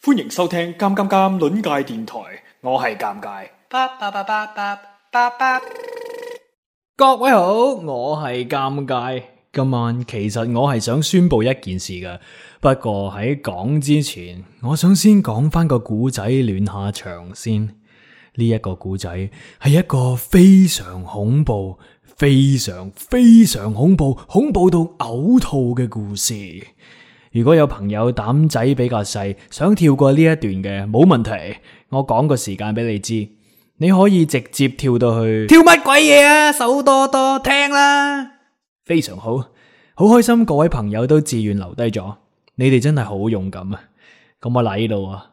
歡迎收聽《尷尷尷》亂界電台，我係尷尬。各位好，我係尷尬。今晚其實我係想宣布一件事嘅，不過喺講之前，我想先講翻個古仔暖下場先。呢一個古仔係一個非常恐怖、非常非常恐怖、恐怖到嘔吐嘅故事。如果有朋友膽仔比較細，想跳過呢一段嘅，冇問題，我講個時間俾你知，你可以直接跳到去。跳乜鬼嘢啊？手多多聽啦，非常好，好開心，各位朋友都自願留低咗，你哋真係好勇敢啊，咁我嚟到啊。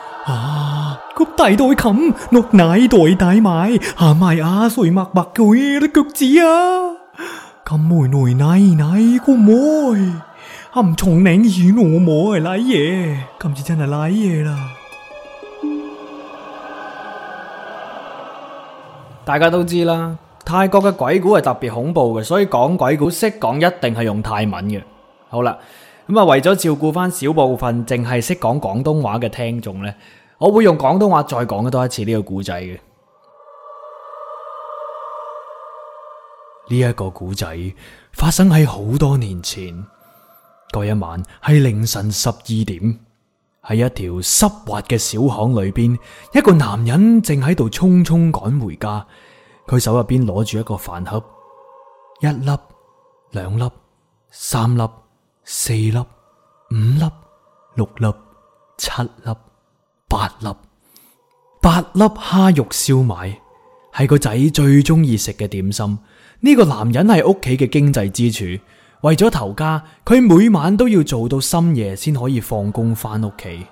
啊！個大刀會砍，木乃伊都會大埋。阿邁阿衰，擘擘佢嘅腳趾啊！咁冇內內內，咁冇，咁沖頸耳腦冇嚟，嚟嘢，今次真係嚟嘢啦！大家都知啦，泰國嘅鬼故係特別恐怖嘅，所以講鬼故識講，一定係用泰文嘅。好啦。咁啊，為咗照顧翻小部分淨係識講廣東話嘅聽眾呢，我會用廣東話再講多一次呢個古仔嘅。呢一個古仔發生喺好多年前，嗰一晚係凌晨十二點，喺一條濕滑嘅小巷裏邊，一個男人正喺度匆匆趕回家，佢手入邊攞住一個飯盒，一粒、兩粒、三粒。四粒、五粒、六粒、七粒、八粒、八粒蝦肉燒賣，係個仔最中意食嘅點心。呢、這個男人係屋企嘅經濟支柱，為咗頭家，佢每晚都要做到深夜先可以放工翻屋企。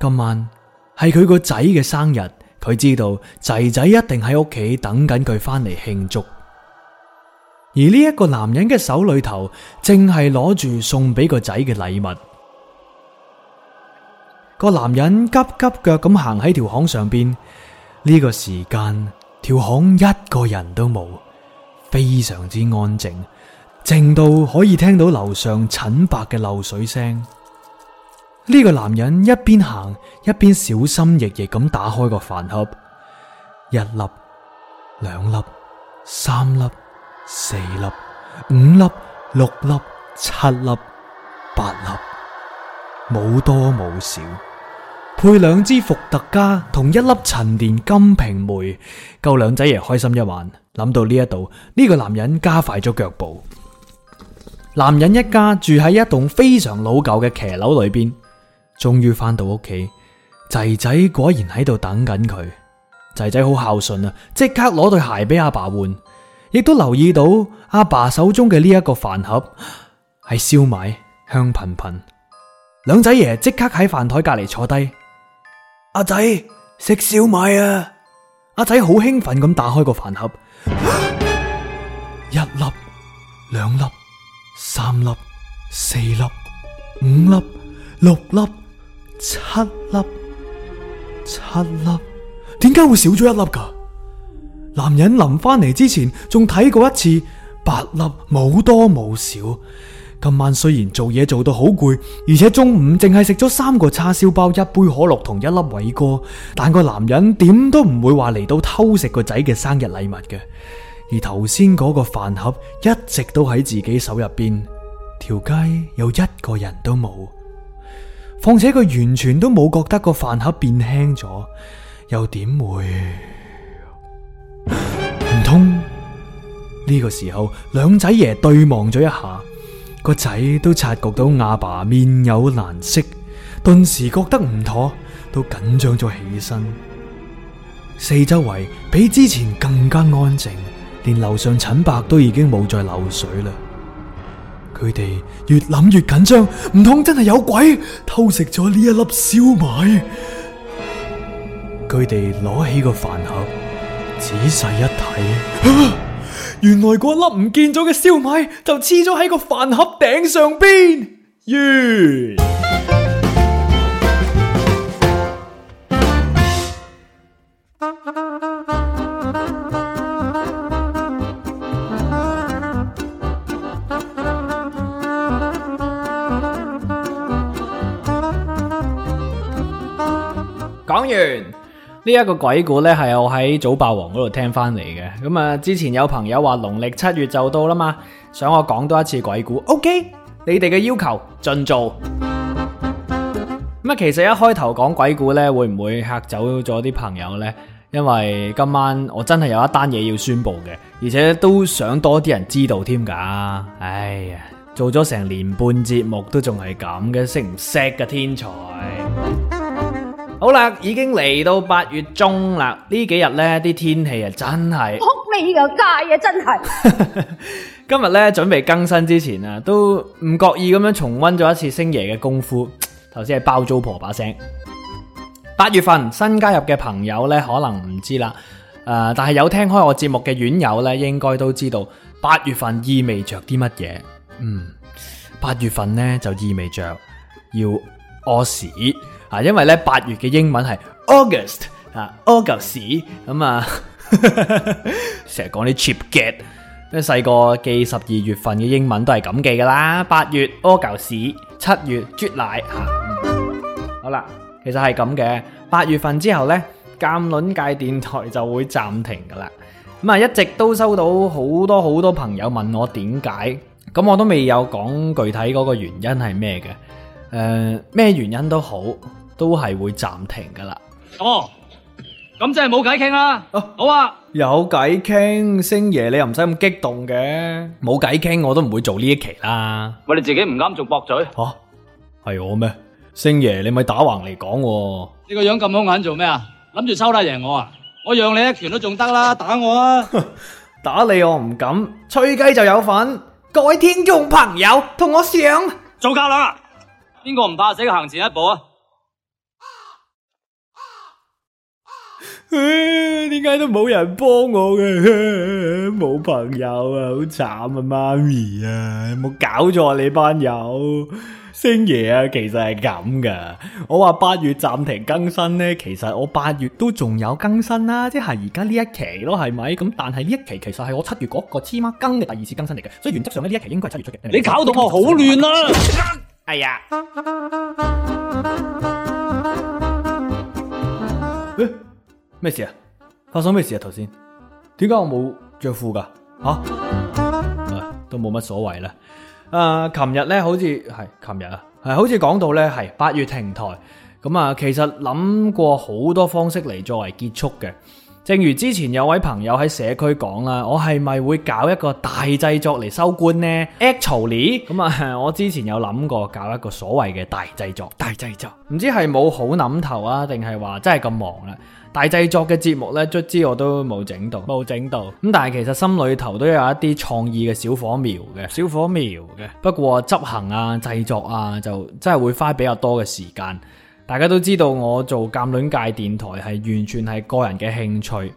今晚係佢個仔嘅生日，佢知道仔仔一定喺屋企等緊佢翻嚟慶祝。而呢一個男人嘅手裏頭，正係攞住送俾個仔嘅禮物。個男人急急腳咁行喺條巷上邊。呢個時間，條巷一個人都冇，非常之安靜，靜到可以聽到樓上陳白嘅漏水聲。呢個男人一邊行，一邊小心翼翼咁打開個飯盒，一粒、兩粒、三粒。四粒、五粒、六粒、七粒、八粒，冇多冇少。配兩支伏特加，同一粒陳年金瓶梅，夠兩仔爺開心一晚。諗到呢一度，呢個男人加快咗腳步。男人一家住喺一棟非常老舊嘅騎樓裏邊，終於翻到屋企。仔仔果然喺度等緊佢。仔仔好孝順啊，即刻攞對鞋俾阿爸換。亦都留意到阿爸,爸手中嘅呢一個飯盒係燒賣香噴噴，兩仔爺即刻喺飯台隔籬坐低。阿仔食燒賣啊！阿仔好興奮咁打開個飯盒， 一粒、兩粒、三粒、四粒、五粒、六粒、七粒、七粒，點解會少咗一粒㗎？男人臨翻嚟之前仲睇過一次，八粒冇多冇少。今晚雖然做嘢做到好攰，而且中午淨係食咗三個叉燒包、一杯可樂同一粒偉哥，但個男人點都唔會話嚟到偷食個仔嘅生日禮物嘅。而頭先嗰個飯盒一直都喺自己手入邊，條街又一個人都冇，況且佢完全都冇覺得個飯盒變輕咗，又點會？呢個時候，兩仔爺對望咗一下，個仔都察覺到阿爸面有難色，頓時覺得唔妥，都緊張咗起身。四周圍比之前更加安靜，連樓上陳伯都已經冇再漏水啦。佢哋越諗越緊張，唔通真係有鬼偷食咗呢一粒燒賣？佢哋攞起個飯盒，仔細一睇。啊原來嗰粒唔見咗嘅燒賣就黐咗喺個飯盒頂上邊，耶！講完。呢一個鬼故呢，係我喺早霸王嗰度聽翻嚟嘅，咁啊之前有朋友話農曆七月就到啦嘛，想我講多一次鬼故，OK，你哋嘅要求盡做。咁啊， 其實一開頭講鬼故呢，會唔會嚇走咗啲朋友呢？因為今晚我真係有一單嘢要宣佈嘅，而且都想多啲人知道添噶。哎呀，做咗成年半節目都仲係咁嘅，識唔識嘅天才？好啦，已經嚟到八月中啦，幾呢幾日呢啲天氣啊，真係仆你個街啊，真係！今日呢，準備更新之前啊，都唔覺意咁樣重溫咗一次星爺嘅功夫。頭先係包租婆把聲。八月份新加入嘅朋友呢，可能唔知啦。誒、呃，但係有聽開我節目嘅院友呢，應該都知道八月份意味着啲乜嘢？嗯，八月份呢，就意味着要屙屎。Ust, i, 啊，因 為咧八月嘅英文係 August，啊 August，咁啊，成日講啲 cheap get，因為細個記十二月份嘅英文都係咁記噶啦，八月 August，七月 July，吓、啊嗯，好啦，其實係咁嘅，八月份之後咧，監論界電台就會暫停噶啦，咁啊一直都收到好多好多朋友問我點解，咁我都未有講具體嗰個原因係咩嘅。誒，咩、呃、原因都好，都係會暫停噶啦。哦，咁即係冇偈傾啦。啊好啊，有偈傾，星爺你又唔使咁激動嘅。冇偈傾，我都唔會做呢一期啦。喂，你自己唔啱仲駁嘴？吓、啊，係我咩？星爺你咪打橫嚟講，呢個樣咁好眼做咩啊？諗住收得贏我啊？我讓你一拳都仲得啦，打我啊！ 打你我唔敢，吹雞就有份。各位聽眾朋友，同我上，做夠啦。邊個唔怕死行前一步啊？點解都冇人幫我嘅？冇朋友啊，好慘啊！媽咪啊，冇搞錯啊你班友星爺啊！其實係咁嘅，我話八月暫停更新咧，其實我八月都仲有更新啦，即係而家呢一期咯，係咪？咁但係呢一期其實係我七月嗰個黐孖更嘅第二次更新嚟嘅，所以原則上呢一期應該係七月出嘅。你搞到我好亂啊！哎呀，喂，咩事啊？發生咩事啊？頭先點解我冇着褲噶？吓，都冇乜所謂啦。誒、呃，琴日咧，好似係琴日啊，係好似講到咧，係八月停台咁啊。其實諗過好多方式嚟作為結束嘅。正如之前有位朋友喺社區講啦，我係咪會搞一個大製作嚟收官呢？Actually，咁啊，我之前有諗過搞一個所謂嘅大製作，大製作，唔知係冇好諗頭啊，定係話真係咁忙啦？大製作嘅節目呢，卒之我都冇整到，冇整到。咁但係其實心裏頭都有一啲創意嘅小火苗嘅，小火苗嘅。不過執行啊、製作啊，就真係會花比較多嘅時間。大家都知道我做鑒卵界電台係完全係個人嘅興趣，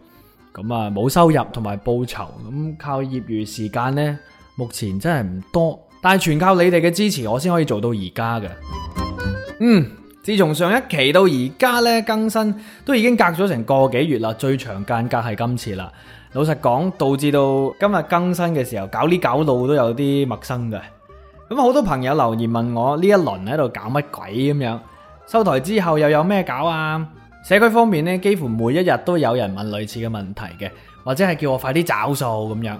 咁啊冇收入同埋報酬，咁靠業餘時間呢，目前真係唔多。但係全靠你哋嘅支持，我先可以做到而家嘅。嗯，自從上一期到而家呢，更新都已經隔咗成個幾月啦，最長間隔係今次啦。老實講，導致到今日更新嘅時候，搞呢搞路都有啲陌生嘅。咁好多朋友留言問我呢一輪喺度搞乜鬼咁樣？收台之後又有咩搞啊？社區方面咧，幾乎每一日都有人問類似嘅問題嘅，或者係叫我快啲找數咁樣。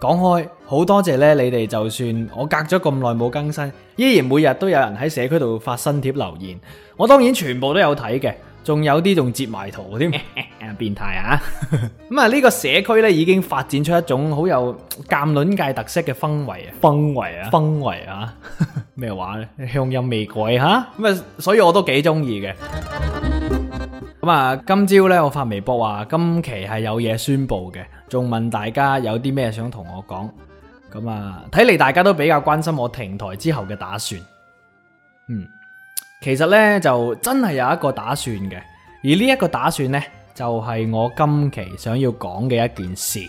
講開好多謝咧，你哋就算我隔咗咁耐冇更新，依然每日都有人喺社區度發新帖留言，我當然全部都有睇嘅。仲有啲仲截埋圖添， 變態態啊！咁啊，呢個社區咧已經發展出一種好有鑑論界特色嘅氛圍啊，氛圍圍啊，氛 圍啊，咩話咧？鄉音未改吓，咁啊，所以我都幾中意嘅。咁 啊，今朝咧我發微博話，今期係有嘢宣布嘅，仲問大家有啲咩想同我講。咁啊，睇嚟大家都比較關心我停台之後嘅打算。嗯。其實咧就真係有一個打算嘅，而呢一個打算呢，就係、是、我今期想要講嘅一件事。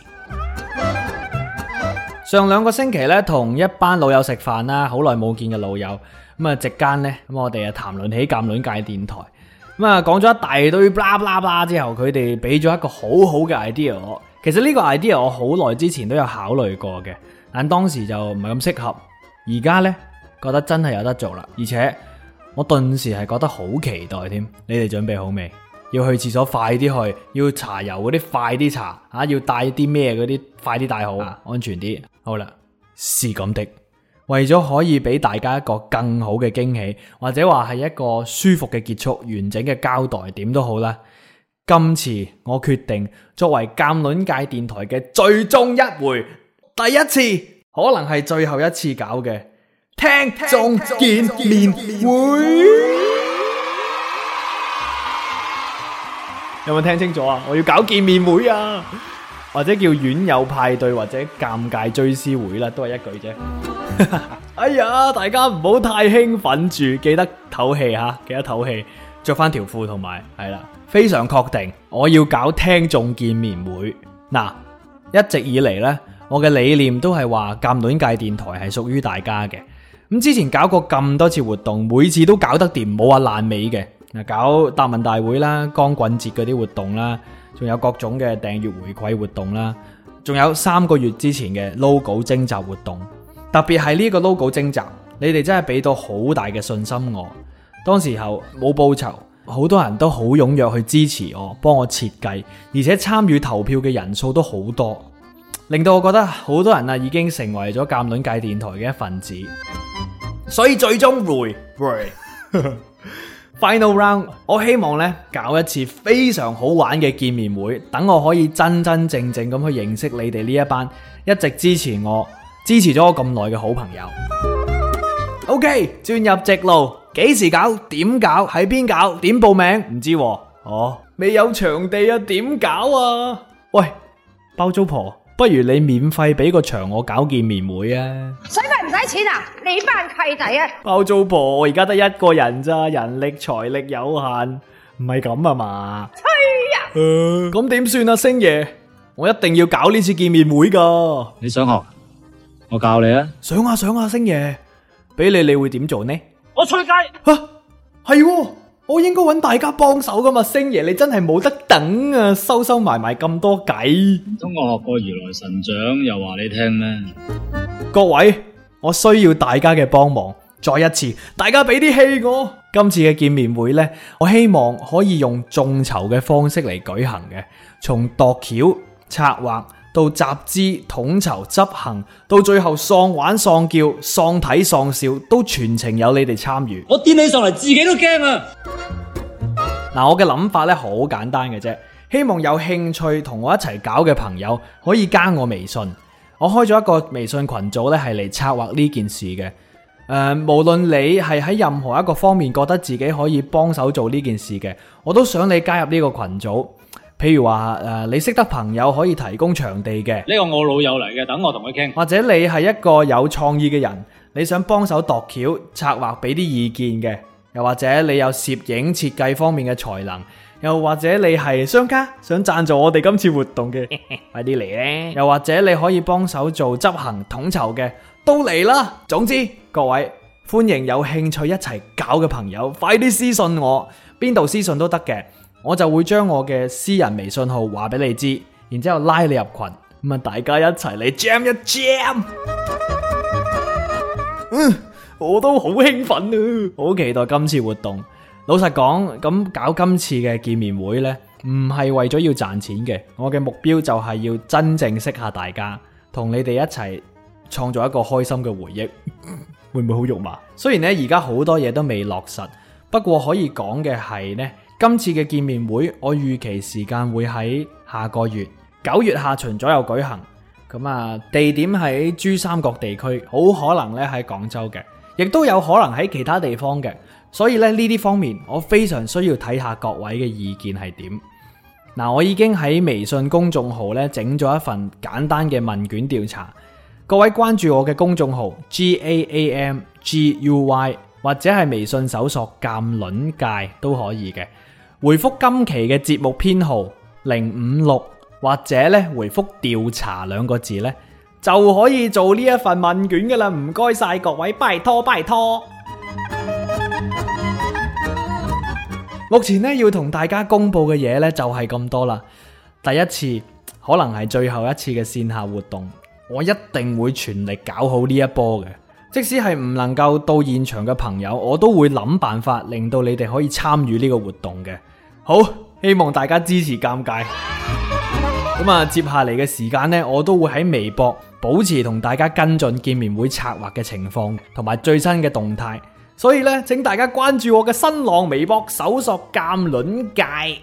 上兩個星期呢，同一班老友食飯啦，好耐冇見嘅老友，咁、嗯、啊，席間呢，咁我哋啊談論起鑑論界電台，咁啊講咗一大堆啦啦啦之後，佢哋俾咗一個好好嘅 idea 我。其實呢個 idea 我好耐之前都有考慮過嘅，但當時就唔係咁適合。而家呢，覺得真係有得做啦，而且。我頓時係覺得好期待添，你哋準備好未？要去廁所快啲去，要查油嗰啲快啲查，吓、啊、要帶啲咩嗰啲快啲帶好、啊，安全啲。好啦，是咁的。為咗可以俾大家一個更好嘅驚喜，或者話係一個舒服嘅結束、完整嘅交代，點都好啦。今次我決定作為鑑論界電台嘅最終一回，第一次可能係最後一次搞嘅。聽眾見面會。見面會有冇聽清楚啊？我要搞見面會啊， 或者叫網友派對，或者尷尬追思會啦，都係一句啫。 哎呀，大家唔好太興奮住，記得唞氣吓，記得唞氣，着翻條褲同埋係啦。非常確定，我要搞聽眾見面會。嗱，一直以嚟呢，我嘅理念都係話，鑑戀界電台係屬於大家嘅。咁之前搞過咁多次活動，每次都搞得掂，冇話爛尾嘅。嗱，搞答問大會啦，光棍節嗰啲活動啦，仲有各種嘅訂閱回饋活動啦，仲有三個月之前嘅 logo 徵集活動。特別係呢個 logo 徵集，你哋真係俾到好大嘅信心我。當時候冇報酬，好多人都好踴躍去支持我，幫我設計，而且參與投票嘅人數都好多。令到我覺得好多人啊，已經成為咗鑒卵界電台嘅一份子，所以最終會 final round。我希望咧，搞一次非常好玩嘅見面會，等我可以真真正正咁去認識你哋呢一班一直支持我、支持咗我咁耐嘅好朋友。OK，轉入直路，幾時搞？點搞？喺邊搞？點報名？唔知哦、啊，未有場地啊？點搞啊？喂，包租婆。不如你免費俾個場我搞見面會啊！使費唔使錢啊？你班契弟啊？包租婆，我而家得一個人咋？人力財力有限，唔係咁啊嘛？吹啊呀！咁點算啊？星爺，我一定要搞呢次見面會噶！你想學？我教你啊！想啊想啊，星爺，俾你你會點做呢？我吹雞！吓、啊，係、啊。我應該揾大家幫手噶嘛，星爺你真係冇得等啊，收收埋埋咁多計。唔通我學過如來神掌又，又話你聽咩？各位，我需要大家嘅幫忙。再一次，大家俾啲氣我、哦。今次嘅見面會呢，我希望可以用眾籌嘅方式嚟舉行嘅，從度橋策劃，到集資統籌執行，到最後喪玩喪叫喪睇喪笑，都全程有你哋參與。我癲起上嚟自己都驚啊！嗱、啊，我嘅諗法咧好簡單嘅啫，希望有興趣同我一齊搞嘅朋友可以加我微信。我開咗一個微信群組咧，係嚟策劃呢件事嘅。誒、呃，無論你係喺任何一個方面覺得自己可以幫手做呢件事嘅，我都想你加入呢個群組。譬如話誒，你識得朋友可以提供場地嘅，呢個我老友嚟嘅，等我同佢傾。或者你係一個有創意嘅人，你想幫手度橋、策劃畀啲意見嘅。又或者你有攝影設計方面嘅才能，又或者你係商家，想贊助我哋今次活動嘅，快啲嚟咧。又或者你可以幫手做執行、統籌嘅，都嚟啦。總之，各位，歡迎有興趣一齊搞嘅朋友，快啲私信我，邊度私信都得嘅。我就會將我嘅私人微信號話俾你知，然之後拉你入群，咁啊，大家一齊嚟 jam 一 jam。嗯， 我都好興奮啊！好期待今次活動。老實講，咁搞今次嘅見面會呢，唔係為咗要賺錢嘅，我嘅目標就係要真正識下大家，同你哋一齊創造一個開心嘅回憶， 會唔會好肉麻？雖然呢，而家好多嘢都未落實，不過可以講嘅係呢。今次嘅見面會，我預期時間會喺下個月九月下旬左右舉行。咁啊，地點喺珠三角地區，好可能咧喺廣州嘅，亦都有可能喺其他地方嘅。所以咧呢啲方面，我非常需要睇下各位嘅意見係點。嗱、啊，我已經喺微信公眾號咧整咗一份簡單嘅問卷調查，各位關注我嘅公眾號 G A A M G U Y 或者係微信搜索鑒論界都可以嘅。回覆今期嘅節目編號零五六，或者咧回覆調查兩個字咧，就可以做呢一份問卷噶啦。唔該晒各位，拜託拜託。目前咧要同大家公布嘅嘢咧就係咁多啦。第一次可能係最後一次嘅線下活動，我一定會全力搞好呢一波嘅。即使係唔能夠到現場嘅朋友，我都會諗辦法令到你哋可以參與呢個活動嘅。好，希望大家支持尷尬咁啊！接下嚟嘅時間呢，我都會喺微博保持同大家跟進見面會策劃嘅情況同埋最新嘅動態，所以呢，請大家關注我嘅新浪微博，搜索鑒論界。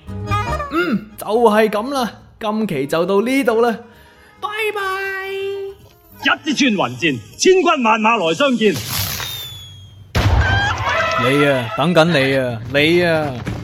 嗯，就係咁啦，今期就到呢度啦，拜拜。一支穿雲箭，千軍萬馬來相見。你啊，等緊你啊，你啊！